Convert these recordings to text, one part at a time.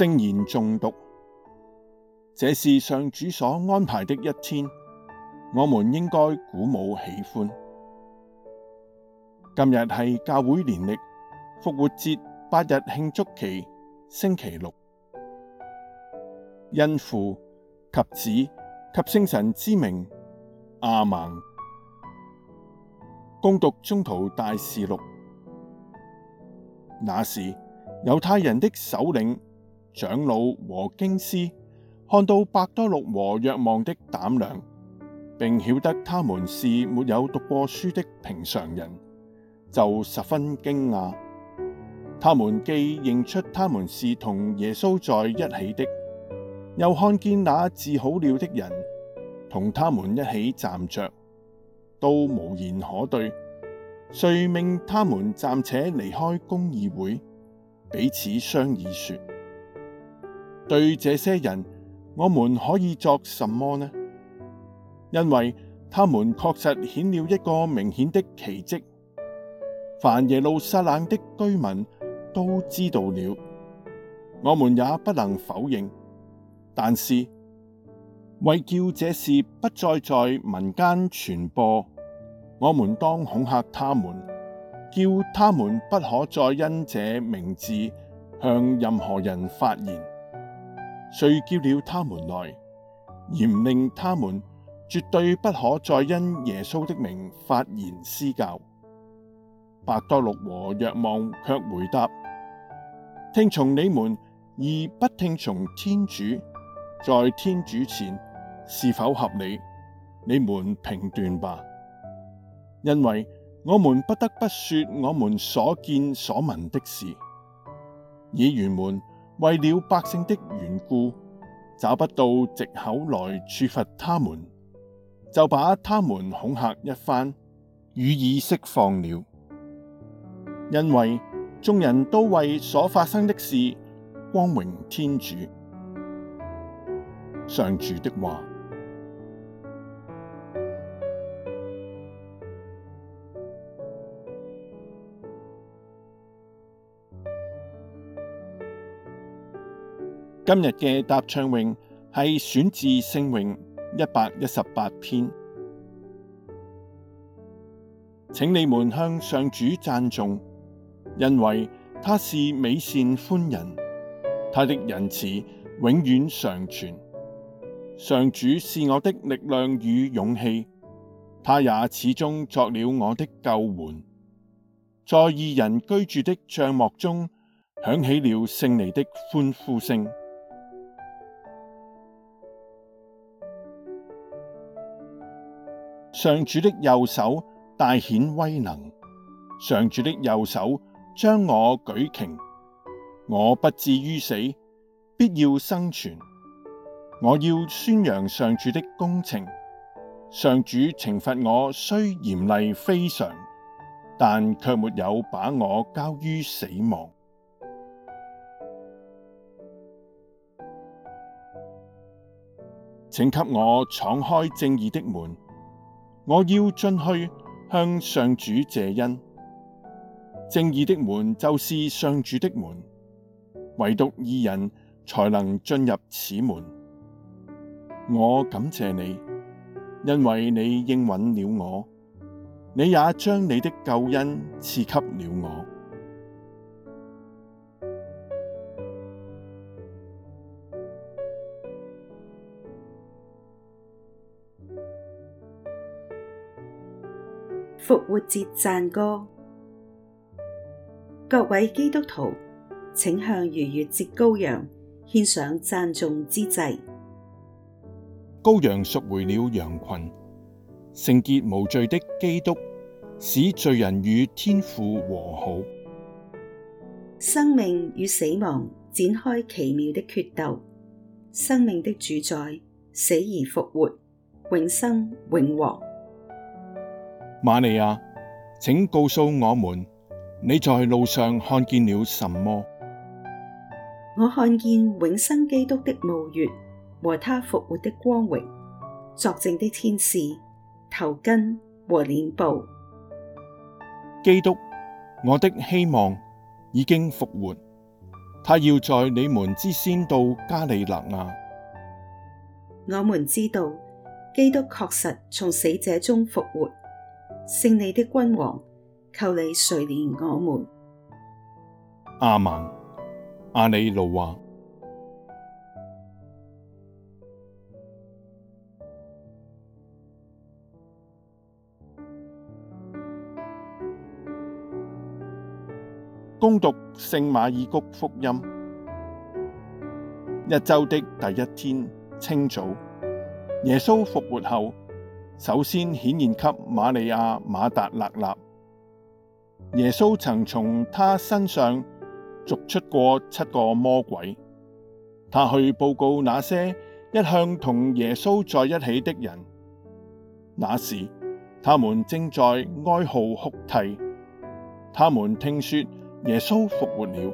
聖言誦讀，這是上主所安排的一天，我們應該鼓舞喜歡。今日係教會年曆復活節八日慶祝期，星期六。因父及子及聖神之名亞孟，恭讀《宗徒大事錄》。那時猶太人的首領。長老和經師，看到伯多祿和若望的膽量，並曉得他們是沒有讀過書的平常人，就十分驚訝。他們既認出他們是同耶穌在一起的，又看見那治好了的人同他們一起站着，都無言可對，遂命他們暫且離開公議會，彼此商議說。對這些人，我們可以作什麼呢？因為他們確實顯了一個明顯的奇蹟，凡耶路撒冷的居民都知道了，我們也不能否認。但是，為叫這事不再在民間傳播，我們當恐吓他們，叫他們不可再因這名字向任何人發言。遂叫了他們來，嚴令他們絕對不可再因耶穌的名發言施教。伯多祿和若望卻回答：聽從你們而不聽從天主，在天主前是否合理？你們評斷吧，因為我們不得不說我們所見所聞的事。議員們。為了百姓的緣故，找不到藉口來處罰他們，就把他們恐嚇一番，予以釋放了。因為眾人都為所發生的事光榮天主，上主的話。今日嘅答唱詠，係選自聖詠一百一十八篇，請你們向上主讚頌，因為他是美善寬仁，他的仁慈永遠常存。上主是我的力量與勇氣，他也始終作了我的救援，在義人居住的帳幕中，響起了勝利的歡呼聲。上主的右手大顯威能，上主的右手將我舉擎，我不至於死，必要生存。我要宣揚上主的工程，上主懲罰我雖嚴厲非常，但却沒有把我交於死亡。請給我敞開正義的門。我要進去向上主謝恩，正義的門就是上主的門，唯獨義人才能進入此門。我感謝你，因為你應允了我，你也將你的救恩賜給了我。復活節讚歌，各位基督徒，請向逾越節羔羊獻上讚頌之祭。羔羊贖回了羊群，聖潔無罪的基督使罪人與天父和好。生命與死亡展開奇妙的決鬥，生命的主宰死而復活，永生永王。瑪利亞，請告訴我們，你在路上看見了什麼？我看見永生基督的墓穴和他復活的光榮、作證的天使、頭巾和殮布。基督、我的希望、已經復活，他要在你們之先到加里肋亞。我們知道，基督確實從死者中復活。勝利的君王，求你垂憐我們。亞孟，亞肋路亞。恭讀聖馬爾谷福音，一周的第一天清早，耶穌復活後。首先顯現給瑪利亞馬達肋納，耶穌曾從他身上逐出過七個魔鬼。他去報告那些一向同耶穌在一起的人，那時，他們正在哀號哭涕。他們聽說耶穌復活了，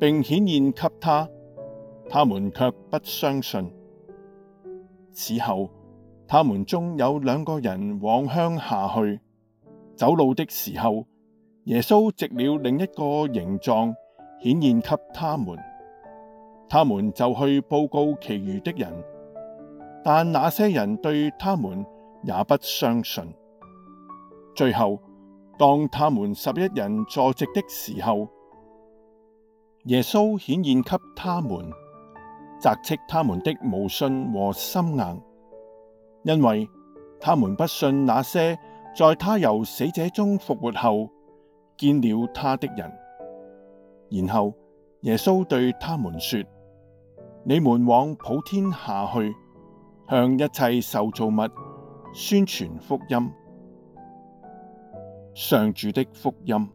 並顯現給他，他們却不相信。此後。他們中有兩個人往鄉下去，走路的時候，耶穌藉了另一個形狀顯現給他們，他們就去報告其餘的人，但那些人對他們也不相信。最後，當他們十一人坐席的時候，耶穌顯現給他們，責斥他們的無信和心硬。因為他們不信那些在他由死者中復活後，見了他的人。然後耶穌對他們說：你們往普天下去，向一切受造物宣傳福音，上主的福音。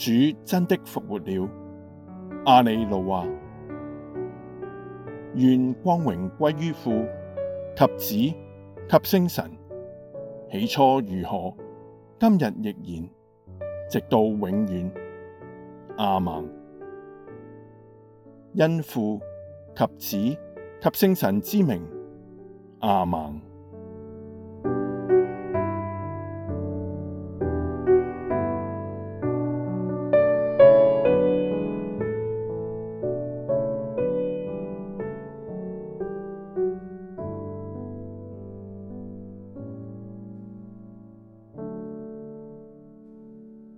主真的復活了。亞肋路亞，願光榮歸於父及子及聖神。起初如何，今日亦然，直到永遠。亞孟，因父及子及聖神之名。亞孟。